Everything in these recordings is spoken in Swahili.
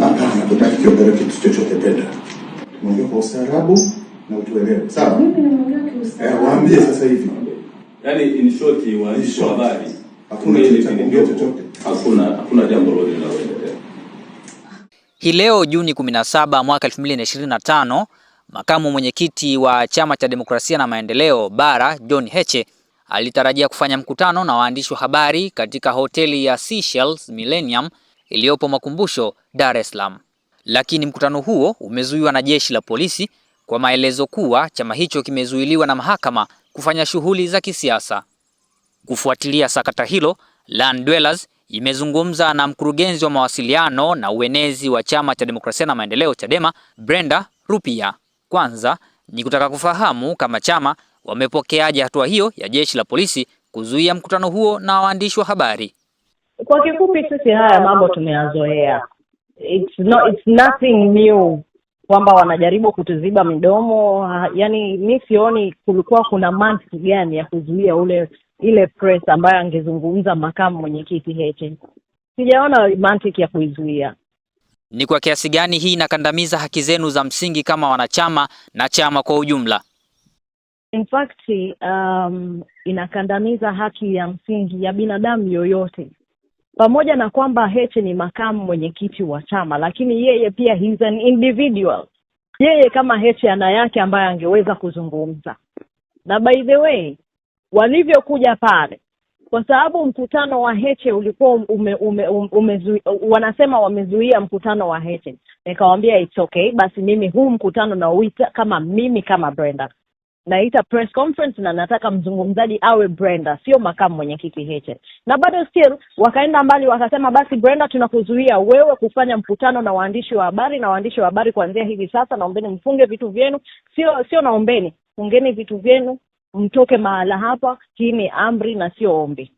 Hapana, kitu chochote tena. kwa ustaarabu na utuelewe, sawa? Eh, waambie sasa hivi, yaani in short, waandishi wa habari, hakuna chochote, hakuna jambo lolote hii leo Juni 17 mwaka 2025. Makamu mwenyekiti wa Chama cha Demokrasia na Maendeleo Bara, John Heche alitarajia kufanya mkutano na waandishi wa habari katika hoteli ya Seashells Millennium iliyopo Makumbusho, Dar es Salaam. Lakini mkutano huo umezuiwa na jeshi la polisi kwa maelezo kuwa chama hicho kimezuiliwa na mahakama kufanya shughuli za kisiasa. Kufuatilia sakata hilo, Land Dwellers imezungumza na mkurugenzi wa mawasiliano na uenezi wa Chama cha Demokrasia na Maendeleo, Chadema, Brenda Rupia. Kwanza ni kutaka kufahamu kama chama wamepokeaje hatua hiyo ya jeshi la polisi kuzuia mkutano huo na waandishi wa habari. Kwa kifupi, sisi haya mambo tumeyazoea, it's no, it's nothing new kwamba wanajaribu kutuziba midomo. Yani mi sioni kulikuwa kuna mantiki gani ya kuzuia ule ile press ambayo angezungumza makamu mwenyekiti Heche, sijaona mantiki ya kuizuia. Ni kwa kiasi gani hii inakandamiza haki zenu za msingi kama wanachama na chama kwa ujumla? In fact, um, inakandamiza haki ya msingi ya binadamu yoyote pamoja na kwamba Heche ni makamu mwenyekiti wa chama, lakini yeye pia he's an individual. Yeye kama Heche ana yake ambayo angeweza kuzungumza, na by the way walivyokuja pale, kwa sababu mkutano wa Heche ulikuwa ume, ume, ume, wanasema wamezuia mkutano wa Heche. Nikawambia it's okay, basi mimi huu mkutano nauita kama mimi kama Brenda naita press conference na nataka mzungumzaji awe Brenda, sio makamu mwenyekiti Heche. Na bado still wakaenda mbali wakasema, basi Brenda, tunakuzuia wewe kufanya mkutano na waandishi wa habari na waandishi wa habari kuanzia hivi sasa, naombeni mfunge vitu vyenu, sio sio, naombeni fungeni vitu vyenu, mtoke mahala hapa. Hii ni amri na sio ombi.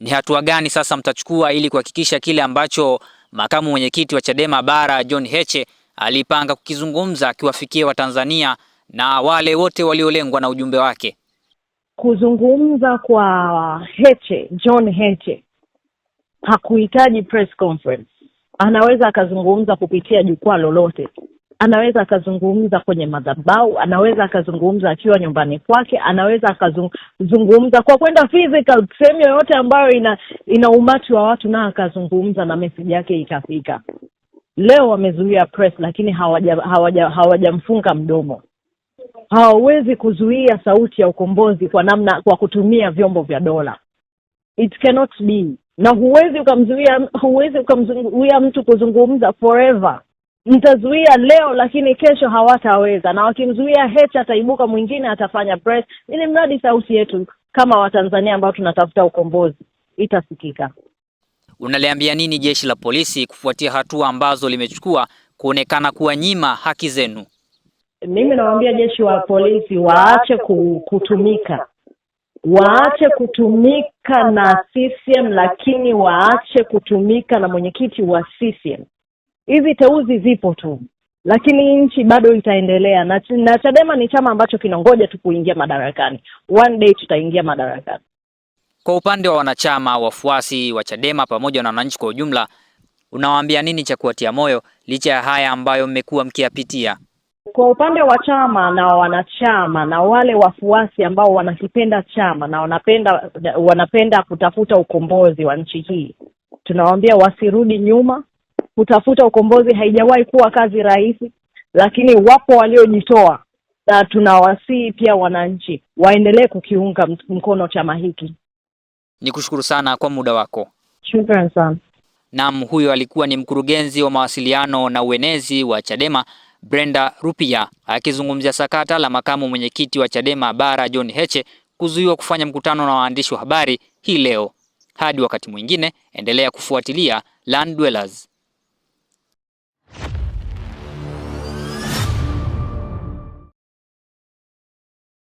Ni hatua gani sasa mtachukua ili kuhakikisha kile ambacho makamu mwenyekiti wa Chadema bara John Heche alipanga kukizungumza akiwafikia Watanzania na wale wote waliolengwa na ujumbe wake. Kuzungumza kwa Heche, John Heche hakuhitaji press conference. Anaweza akazungumza kupitia jukwaa lolote, anaweza akazungumza kwenye madhabahu, anaweza akazungumza akiwa nyumbani kwake, anaweza akazungumza kwa kwenda physical sehemu yoyote ambayo ina ina umati wa watu, na akazungumza na message yake ikafika. Leo wamezuia press, lakini hawajamfunga hawaja, hawaja mdomo hawawezi kuzuia sauti ya ukombozi kwa namna kwa kutumia vyombo vya dola. It cannot be, na huwezi ukamzuia, huwezi ukamzuia mtu kuzungumza forever. Mtazuia leo, lakini kesho hawataweza, na wakimzuia Heche ataibuka mwingine, atafanya press, ili mradi sauti yetu kama Watanzania ambao tunatafuta ukombozi itasikika. Unaliambia nini jeshi la polisi kufuatia hatua ambazo limechukua kuonekana kuwa nyima haki zenu? mimi nawaambia jeshi wa polisi waache kutumika waache kutumika na CCM lakini waache kutumika na mwenyekiti wa CCM. Hizi teuzi zipo tu, lakini nchi bado itaendelea na, na Chadema ni chama ambacho kinangoja tu kuingia madarakani. One day tutaingia madarakani. Kwa upande wa wanachama, wafuasi wa Chadema pamoja na wananchi kwa ujumla, unawaambia nini cha kuwatia moyo licha ya haya ambayo mmekuwa mkiyapitia? Kwa upande wa chama na wanachama na wale wafuasi ambao wanakipenda chama na wanapenda wanapenda kutafuta ukombozi wa nchi hii, tunawaambia wasirudi nyuma. Kutafuta ukombozi haijawahi kuwa kazi rahisi, lakini wapo waliojitoa, na tunawasihi pia wananchi waendelee kukiunga mkono chama hiki. Ni kushukuru sana kwa muda wako, shukran sana. Naam, huyo alikuwa ni mkurugenzi wa mawasiliano na uenezi wa Chadema Brenda Rupia akizungumzia sakata la makamu mwenyekiti wa Chadema Bara John Heche kuzuiwa kufanya mkutano na waandishi wa habari hii leo. Hadi wakati mwingine, endelea kufuatilia Land Dwellers.